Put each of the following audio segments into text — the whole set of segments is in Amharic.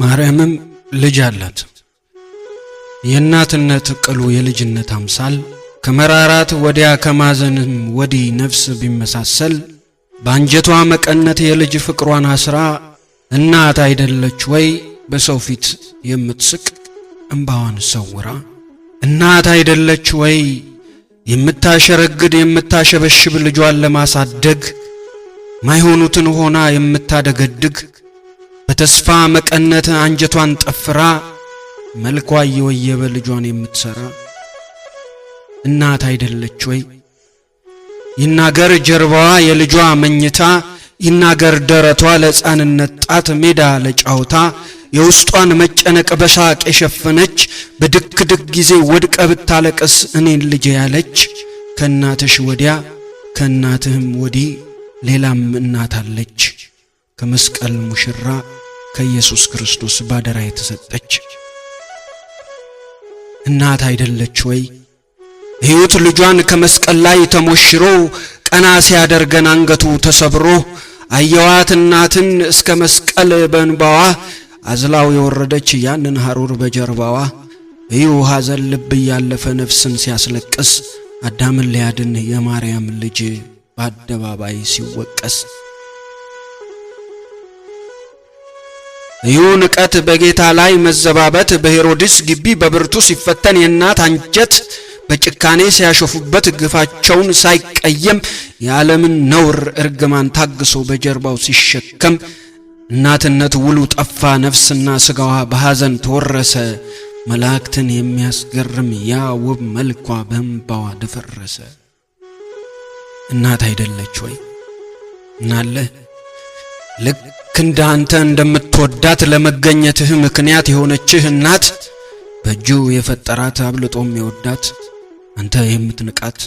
ማርያምም ልጅ አላት። የእናትነት ቅሉ የልጅነት አምሳል ከመራራት ወዲያ ከማዘንም ወዲህ ነፍስ ቢመሳሰል በአንጀቷ መቀነት የልጅ ፍቅሯን አስራ እናት አይደለች ወይ በሰው ፊት የምትስቅ እምባዋን ሰውራ እናት አይደለች ወይ የምታሸረግድ የምታሸበሽብ ልጇን ለማሳደግ ማይሆኑትን ሆና የምታደገድግ በተስፋ መቀነት አንጀቷን ጠፍራ መልኳ እየወየበ ልጇን የምትሠራ እናት አይደለች ወይ? ይናገር ጀርባዋ የልጇ መኝታ፣ ይናገር ደረቷ ለሕፃንነት ጣት ሜዳ ለጫውታ የውስጧን መጨነቅ በሳቅ የሸፈነች በድክ ድክ ጊዜ ወድቀ ብታለቅስ እኔን ልጄ ያለች ከእናትሽ ወዲያ ከእናትህም ወዲህ ሌላም እናት አለች ከመስቀል ሙሽራ ከኢየሱስ ክርስቶስ ባደራ የተሰጠች እናት አይደለች ወይ? ሕይወት ልጇን ከመስቀል ላይ ተሞሽሮ ቀና ሲያደርገን አንገቱ ተሰብሮ አየዋት እናትን እስከ መስቀል በንባዋ አዝላው የወረደች ያንን ሐሩር በጀርባዋ እዩ ሐዘን ልብ እያለፈ ነፍስን ሲያስለቅስ አዳምን ሊያድን የማርያም ልጅ በአደባባይ ሲወቀስ ይህ ንቀት በጌታ ላይ መዘባበት በሄሮድስ ግቢ በብርቱ ሲፈተን የእናት አንጀት በጭካኔ ሲያሾፉበት ግፋቸውን ሳይቀየም የዓለምን ነውር እርግማን ታግሶ በጀርባው ሲሸከም እናትነት ውሉ ጠፋ፣ ነፍስና ሥጋዋ በሐዘን ተወረሰ። መላእክትን የሚያስገርም ያ ውብ መልኳ በእንባዋ ደፈረሰ። እናት አይደለች ወይ እናለህ ልክ እንደ አንተ እንደምትወዳት ለመገኘትህ ምክንያት የሆነችህ እናት በእጁ የፈጠራት አብልጦ የወዳት አንተ የምትንቃት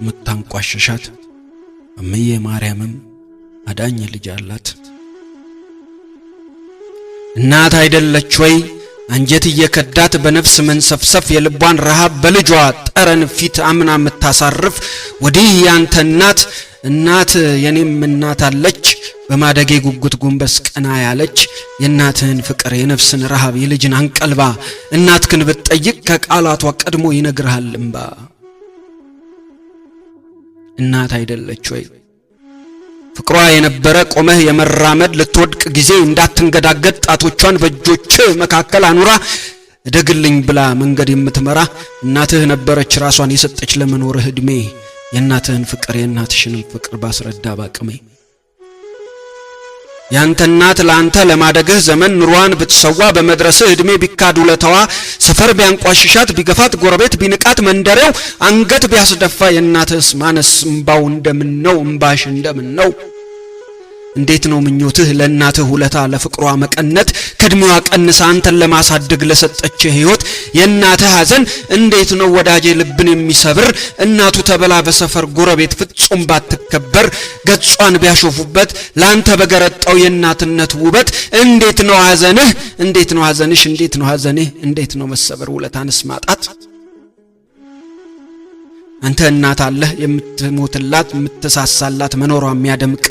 የምታንቋሸሻት እምዬ ማርያምም አዳኝ ልጅ አላት። እናት አይደለች ወይ? አንጀት እየከዳት በነፍስ መንሰፍሰፍ የልቧን ረሃብ በልጇ ጠረን ፊት አምና የምታሳርፍ ወዲህ ያንተ እናት እናት የኔም እናት አለች በማደጌ ጉጉት ጎንበስ ቀና ያለች የእናትህን ፍቅር የነፍስን ረሃብ የልጅን አንቀልባ እናትክን ብትጠይቅ ከቃላቷ ቀድሞ ይነግርሃል እምባ እናት አይደለች ወይ? ፍቅሯ የነበረ ቆመህ የመራመድ ልትወድቅ ጊዜ እንዳትንገዳገድ ጣቶቿን በእጆች መካከል አኑራ እደግልኝ ብላ መንገድ የምትመራ እናትህ ነበረች ራሷን የሰጠች ለመኖርህ ዕድሜ የእናትህን ፍቅር የእናትሽንም ፍቅር ባስረዳ ባቅሜ ያንተ እናት ለአንተ ለማደግህ ዘመን ኑሯን ብትሰዋ በመድረስህ ዕድሜ ቢካድ ውለታዋ ሰፈር ቢያንቋሽሻት ቢገፋት ጎረቤት ቢንቃት መንደሬው አንገት ቢያስደፋ የእናትህስ ማነስ እምባው እንደምን ነው እምባሽ እንደምን ነው እንዴት ነው ምኞትህ? ለእናትህ ውለታ ለፍቅሯ መቀነት ከእድሜዋ ቀንሳ አንተን ለማሳደግ ለሰጠች ህይወት የእናትህ ሐዘን እንዴት ነው ወዳጄ ልብን የሚሰብር? እናቱ ተበላ በሰፈር ጎረቤት ፍጹም ባትከበር ገጿን ቢያሾፉበት ለአንተ በገረጣው የእናትነት ውበት እንዴት ነው ሐዘንህ? እንዴት ነው ሐዘንሽ? እንዴት ነው ሐዘንህ? እንዴት ነው መሰበር ውለታንስ ማጣት አንተ እናት አለህ የምትሞትላት የምትሳሳላት መኖሯ የሚያደምቅ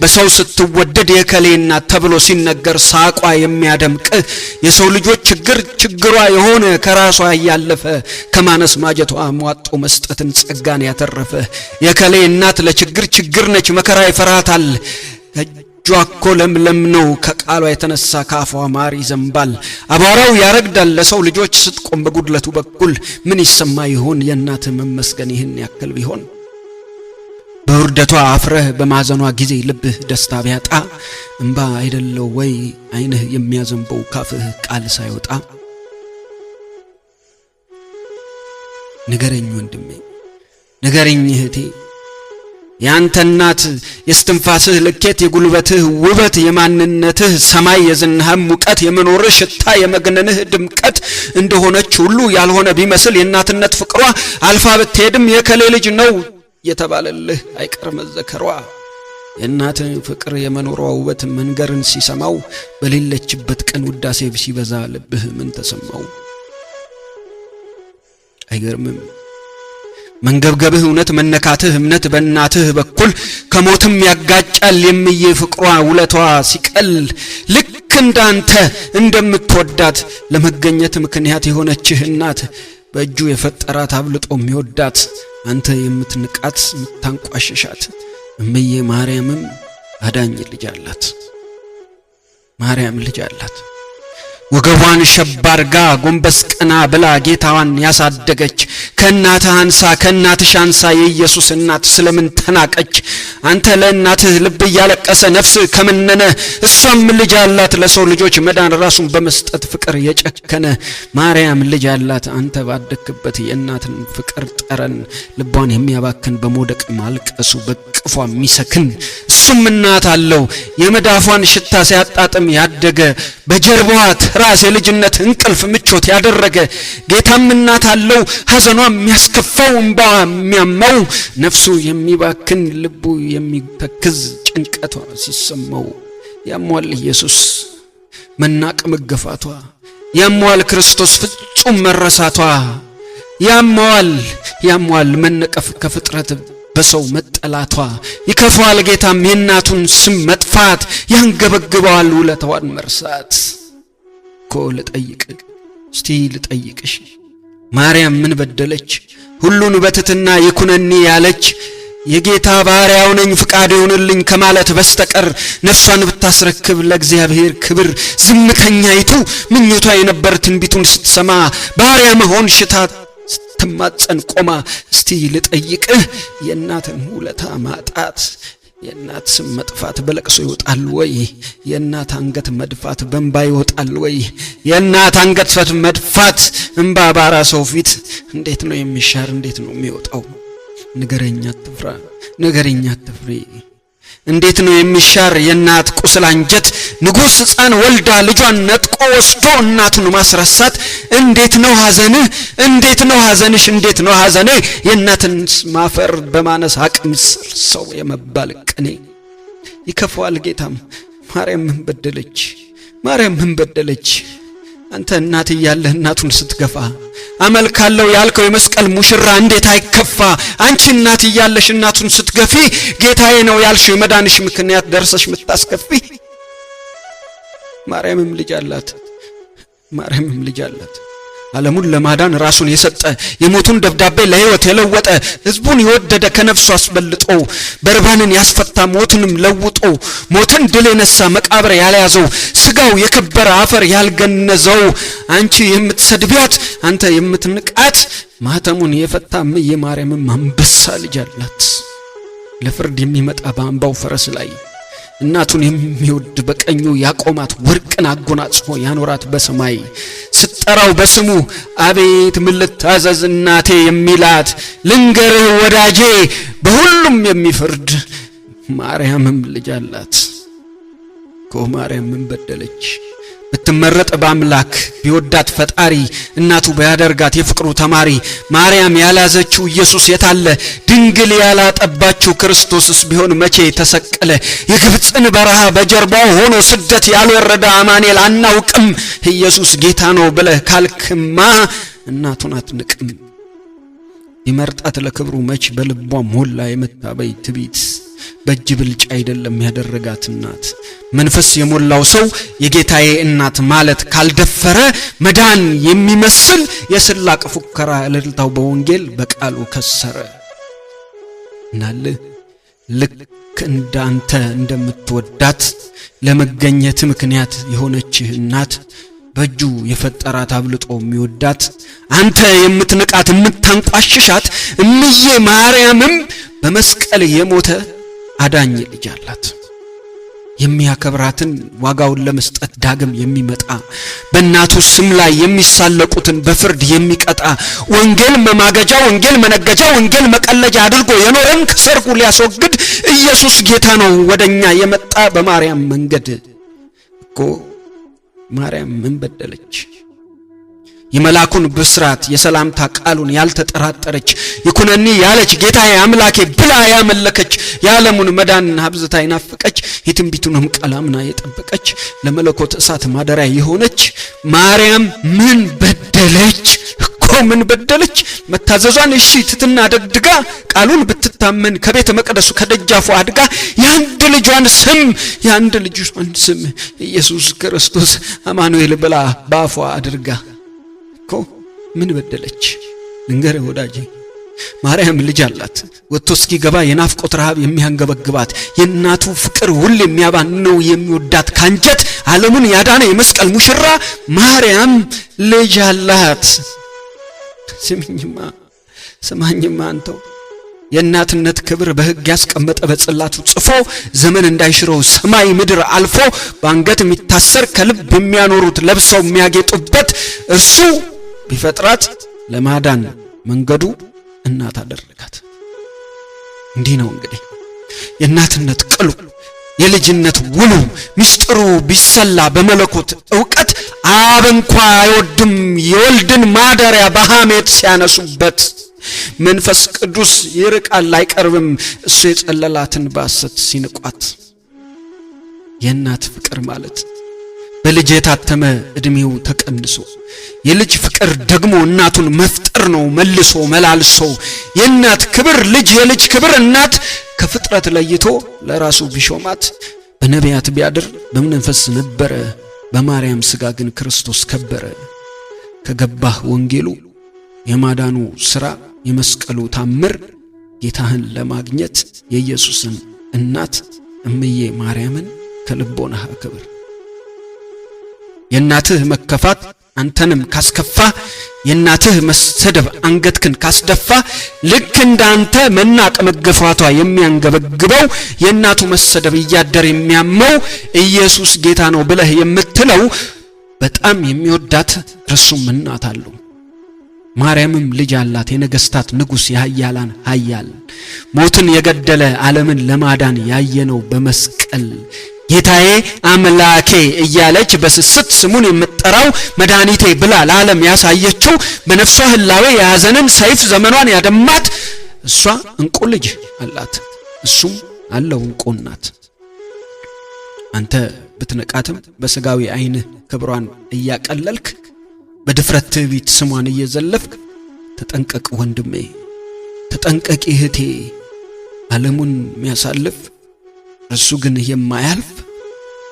በሰው ስትወደድ የከሌ እናት ተብሎ ሲነገር ሳቋ የሚያደምቅ የሰው ልጆች ችግር ችግሯ የሆነ ከራሷ እያለፈ ከማነስ ማጀቷ ሟጦ መስጠትን ጸጋን ያተረፈ የከሌ እናት ለችግር ችግር ነች መከራ ይፈራታል እጇ እኮ ለምለም ነው። ከቃሏ የተነሳ ከአፏ ማር ይዘንባል። አቧራው ያረግዳል ለሰው ልጆች ስትቆም በጉድለቱ በኩል ምን ይሰማ ይሆን የእናት መመስገን ይህን ያክል ቢሆን? በውርደቷ አፍረህ በማዘኗ ጊዜ ልብህ ደስታ ቢያጣ እምባ አይደለው ወይ አይንህ የሚያዘንበው ካፍህ ቃል ሳይወጣ? ንገረኝ ወንድሜ፣ ነገረኝ እህቴ የአንተ እናት የስትንፋስህ ልኬት የጉልበትህ ውበት የማንነትህ ሰማይ የዝናህም ሙቀት የመኖርህ ሽታ የመግነንህ ድምቀት እንደሆነች ሁሉ ያልሆነ ቢመስል የእናትነት ፍቅሯ አልፋ ብትሄድም የከሌ ልጅ ነው የተባለልህ አይቀር መዘከሯ። የእናት ፍቅር የመኖሯ ውበት መንገርን ሲሰማው በሌለችበት ቀን ውዳሴ ሲበዛ ልብህ ምን ተሰማው? አይገርምም? መንገብገብህ እውነት መነካትህ እምነት በእናትህ በኩል ከሞትም ያጋጫል የምዬ ፍቅሯ ውለቷ ሲቀል ልክ እንዳንተ እንደምትወዳት ለመገኘት ምክንያት የሆነችህ እናት በእጁ የፈጠራት አብልጦ የሚወዳት አንተ የምትንቃት የምታንቋሸሻት እምዬ ማርያምም አዳኝ ልጅ አላት። ማርያም ልጅ አላት። ወገቧን ሸባርጋ ጎንበስ ቀና ብላ ጌታዋን ያሳደገች ከእናትህ አንሳ ከእናትሽ አንሳ የኢየሱስ እናት ስለምን ተናቀች? አንተ ለእናትህ ልብ እያለቀሰ ነፍስ ከመነነ፣ እሷም ልጅ አላት ለሰው ልጆች መዳን ራሱን በመስጠት ፍቅር የጨከነ ማርያም ልጅ አላት። አንተ ባደክበት የእናትን ፍቅር ጠረን ልቧን የሚያባክን በመውደቅ ማልቀሱ በቅፏ የሚሰክን እሱም እናት አለው የመዳፏን ሽታ ሲያጣጥም ያደገ በጀርባዋ ራስ የልጅነት እንቅልፍ ምቾት ያደረገ ጌታም እናት አለው። ሐዘኗ የሚያስከፋው እምባዋ የሚያማው ነፍሱ የሚባክን ልቡ የሚተክዝ ጭንቀቷ ሲሰማው ያሟል ኢየሱስ መናቅ መገፋቷ ያሟል ክርስቶስ ፍጹም መረሳቷ ያሟል ያሟል መነቀፍ ከፍጥረት በሰው መጠላቷ ይከፋዋል ጌታም የእናቱን ስም መጥፋት ያንገበግበዋል ውለታዋን መርሳት እኮ ልጠይቅ እስቲ ልጠይቅሽ ማርያም ምን በደለች? ሁሉን በትትና ይኩነኒ ያለች የጌታ ባሪያው ነኝ ፍቃድ ይሁንልኝ ከማለት በስተቀር ነፍሷን ብታስረክብ ለእግዚአብሔር ክብር ዝምተኛይቱ ምኞቷ የነበር ትንቢቱን ስትሰማ ባሪያ መሆን ሽታ ስትማጸን ቆማ እስቲ ልጠይቅህ የእናትን ውለታ ማጣት የእናት ስም መጥፋት በለቅሶ ይወጣል ወይ? የእናት አንገት መድፋት በእንባ ይወጣል ወይ? የእናት አንገት ፈት መድፋት እንባ ባራ ሰው ፊት እንዴት ነው የሚሻር? እንዴት ነው የሚወጣው? ንገረኛ አትፍራ፣ ንገረኛ አትፍሪ። እንዴት ነው የሚሻር የእናት ቁስል አንጀት? ንጉሥ ሕፃን ወልዳ ልጇን ነጥቆ ወስዶ እናቱን ማስረሳት እንዴት ነው ሐዘንህ? እንዴት ነው ሐዘንሽ? እንዴት ነው ሀዘን የእናትን ማፈር በማነስ አቅም ሰው የመባል ቅኔ ይከፋዋል። ጌታም ማርያም ምን በደለች? ማርያም ምን በደለች? አንተ እናት እያለህ እናቱን ስትገፋ አመልካለሁ ያልከው የመስቀል ሙሽራ እንዴት አይከፋ? አንቺ እናት እያለሽ እናቱን ስትገፊ ጌታዬ ነው ያልሽው የመዳንሽ ምክንያት ደርሰሽ ምታስከፊ። ማርያምም ልጅ አላት፣ ማርያምም ልጅ አላት። ዓለሙን ለማዳን ራሱን የሰጠ የሞቱን ደብዳቤ ለሕይወት የለወጠ ሕዝቡን የወደደ ከነፍሱ አስበልጦ በርባንን ያስፈታ ሞትንም ለውጦ ሞትን ድል የነሳ መቃብር ያልያዘው ስጋው የከበረ አፈር ያልገነዘው አንቺ የምትሰድቢያት አንተ የምትንቃት ማህተሙን የፈታ እምዬ ማርያምም አንበሳ ልጅ አላት ለፍርድ የሚመጣ በአንባው ፈረስ ላይ እናቱን የሚወድ በቀኙ ያቆማት ወርቅን አጎናጽፎ ያኖራት በሰማይ ስትጠራው በስሙ አቤት ምን ልታዘዝ እናቴ የሚላት ልንገርህ ወዳጄ በሁሉም የሚፈርድ ማርያምም ልጅ አላት እኮ ማርያም ምን በደለች ብትመረጥ በአምላክ ቢወዳት ፈጣሪ እናቱ ባያደርጋት የፍቅሩ ተማሪ ማርያም ያላዘችው ኢየሱስ የታለ ድንግል ያላጠባችው ክርስቶስስ ቢሆን መቼ ተሰቀለ? የግብፅን በረሃ በጀርባው ሆኖ ስደት ያልወረደ አማኔል አናውቅም። ኢየሱስ ጌታ ነው ብለህ ካልክማ እናቱን አትንቅም። ይመርጣት ለክብሩ መች በልቧ ሞላ የመታበይ ትቢት በእጅ ብልጫ አይደለም ያደረጋት እናት። መንፈስ የሞላው ሰው የጌታዬ እናት ማለት ካልደፈረ መዳን የሚመስል የስላቅ ፉከራ እልልታው በወንጌል በቃሉ ከሰረ። እናልህ ልክ እንዳንተ እንደምትወዳት ለመገኘት ምክንያት የሆነችህ እናት በእጁ የፈጠራት አብልጦ የሚወዳት አንተ የምትንቃት የምታንቋሽሻት እምዬ ማርያምም በመስቀል የሞተ አዳኝ ልጅ አላት። የሚያከብራትን ዋጋውን ለመስጠት ዳግም የሚመጣ በእናቱ ስም ላይ የሚሳለቁትን በፍርድ የሚቀጣ ወንጌል መማገጃ፣ ወንጌል መነገጃ፣ ወንጌል መቀለጃ አድርጎ የኖረን ከሰርጉ ሊያስወግድ ኢየሱስ ጌታ ነው ወደኛ የመጣ በማርያም መንገድ እኮ ማርያም ምን በደለች? የመላኩን ብስራት የሰላምታ ቃሉን ያልተጠራጠረች ይኩነኒ ያለች ጌታዬ አምላኬ ብላ ያመለከች የዓለሙን መዳን ሀብዝታ ይናፍቀች የትንቢቱንም ቀላምና የጠበቀች ለመለኮት እሳት ማደሪያ የሆነች ማርያም ምን በደለች እኮ ምን በደለች? መታዘዟን እሺ ትትና ደግድጋ ቃሉን ብትታመን ከቤተ መቅደሱ ከደጃፉ አድጋ የአንድ ልጇን ስም የአንድ ልጇን ስም ኢየሱስ ክርስቶስ አማኑኤል ብላ ባፏ አድርጋ ምን በደለች? ልንገርህ ወዳጄ ማርያም ልጅ አላት። ወጥቶ እስኪገባ የናፍቆት ረሃብ የሚያንገበግባት የእናቱ ፍቅር ውል የሚያባንነው የሚወዳት ካንጀት ዓለሙን ያዳነ የመስቀል ሙሽራ ማርያም ልጅ አላት። ስምኝማ ስማኝማ አንተው የእናትነት ክብር በሕግ ያስቀመጠ በጽላቱ ጽፎ ዘመን እንዳይሽረው ሰማይ ምድር አልፎ በአንገት የሚታሰር ከልብ የሚያኖሩት ለብሰው የሚያጌጡበት እርሱ ቢፈጥራት ለማዳን መንገዱ እናት አደረጋት። እንዲህ ነው እንግዲህ የእናትነት ቅሉ የልጅነት ውሉ ምስጢሩ ቢሰላ በመለኮት ዕውቀት አብ እንኳ አይወድም የወልድን ማደሪያ በሐሜት ሲያነሱበት መንፈስ ቅዱስ ይርቃል አይቀርብም እሱ የጸለላትን ባሰት ሲንቋት የእናት ፍቅር ማለት በልጅ የታተመ እድሜው ተቀንሶ የልጅ ፍቅር ደግሞ እናቱን መፍጠር ነው መልሶ መላልሶ የእናት ክብር ልጅ የልጅ ክብር እናት ከፍጥረት ለይቶ ለራሱ ቢሾማት በነቢያት ቢያድር በመንፈስ ነበረ በማርያም ሥጋ ግን ክርስቶስ ከበረ። ከገባህ ወንጌሉ የማዳኑ ሥራ የመስቀሉ ታምር ጌታህን ለማግኘት የኢየሱስን እናት እምዬ ማርያምን ከልቦናህ አክብር። የእናትህ መከፋት አንተንም ካስከፋ የእናትህ መሰደብ አንገትክን ካስደፋ ልክ እንዳንተ መናቅ መገፋቷ የሚያንገበግበው የእናቱ መሰደብ እያደር የሚያመው ኢየሱስ ጌታ ነው ብለህ የምትለው በጣም የሚወዳት እርሱም እናት አለው። ማርያምም ልጅ አላት፣ የነገስታት ንጉሥ የሀያላን ሀያል ሞትን የገደለ ዓለምን ለማዳን ያየነው በመስቀል ጌታዬ አምላኬ እያለች በስስት ስሙን የምጠራው መድኃኒቴ ብላ ለዓለም ያሳየችው በነፍሷ ህላዌ የያዘንን ሰይፍ ዘመኗን ያደማት እሷ እንቁ ልጅ አላት፣ እሱም አለው እንቁ ናት። አንተ ብትንቃትም በስጋዊ ዓይንህ ክብሯን እያቀለልክ በድፍረት ትዕቢት ስሟን እየዘለፍክ ተጠንቀቅ ወንድሜ፣ ተጠንቀቂ እህቴ ዓለሙን የሚያሳልፍ እርሱ ግን የማያልፍ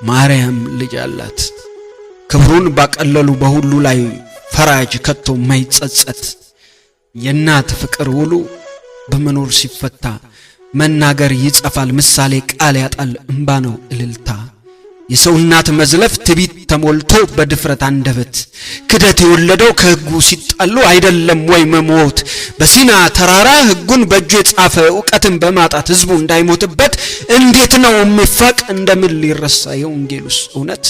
ማርያም ልጅ አላት። ክብሩን ባቀለሉ በሁሉ ላይ ፈራጅ፣ ከቶ የማይጸጸት የእናት ፍቅር ውሉ በመኖር ሲፈታ መናገር ይጸፋል፣ ምሳሌ ቃል ያጣል፣ እምባ ነው እልልታ የሰው እናት መዝለፍ ትቢት ተሞልቶ በድፍረት አንደበት ክደት የወለደው ከሕጉ ሲጣሉ አይደለም ወይ መሞት? በሲና ተራራ ሕጉን በእጁ የጻፈ እውቀትን በማጣት ሕዝቡ እንዳይሞትበት እንዴት ነው የሚፋቅ? እንደምን ሊረሳ የወንጌሉስ እውነት?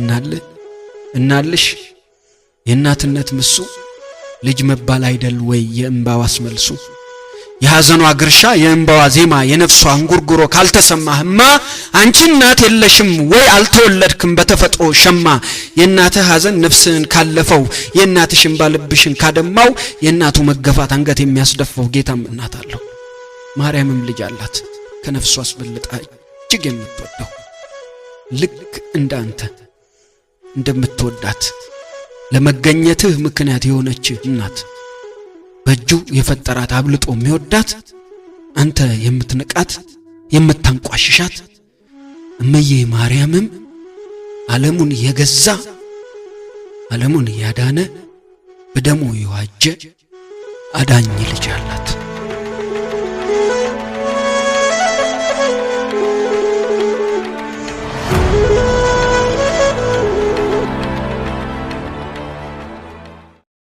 እናለ እናልሽ የእናትነት ምሱ ልጅ መባል አይደል ወይ የእምባዋስ መልሱ? የሐዘኗ ግርሻ፣ የእንባዋ ዜማ፣ የነፍሷ እንጉርጉሮ ካልተሰማህማ አንቺ እናት የለሽም ወይ አልተወለድክም በተፈጥሮ ሸማ። የእናትህ ሐዘን ነፍስህን ካለፈው፣ የእናትሽ እንባ ልብሽን ካደማው፣ የእናቱ መገፋት አንገት የሚያስደፋው ጌታም እናት አለው። ማርያምም ልጅ አላት ከነፍሷ አስበልጣ እጅግ የምትወደው ልክ እንደ አንተ እንደምትወዳት ለመገኘትህ ምክንያት የሆነች እናት በእጁ የፈጠራት አብልጦ የሚወዳት አንተ የምትንቃት የምታንቋሽሻት እመዬ ማርያምም ዓለሙን የገዛ ዓለሙን ያዳነ በደሙ የዋጀ አዳኝ ልጅ አላት።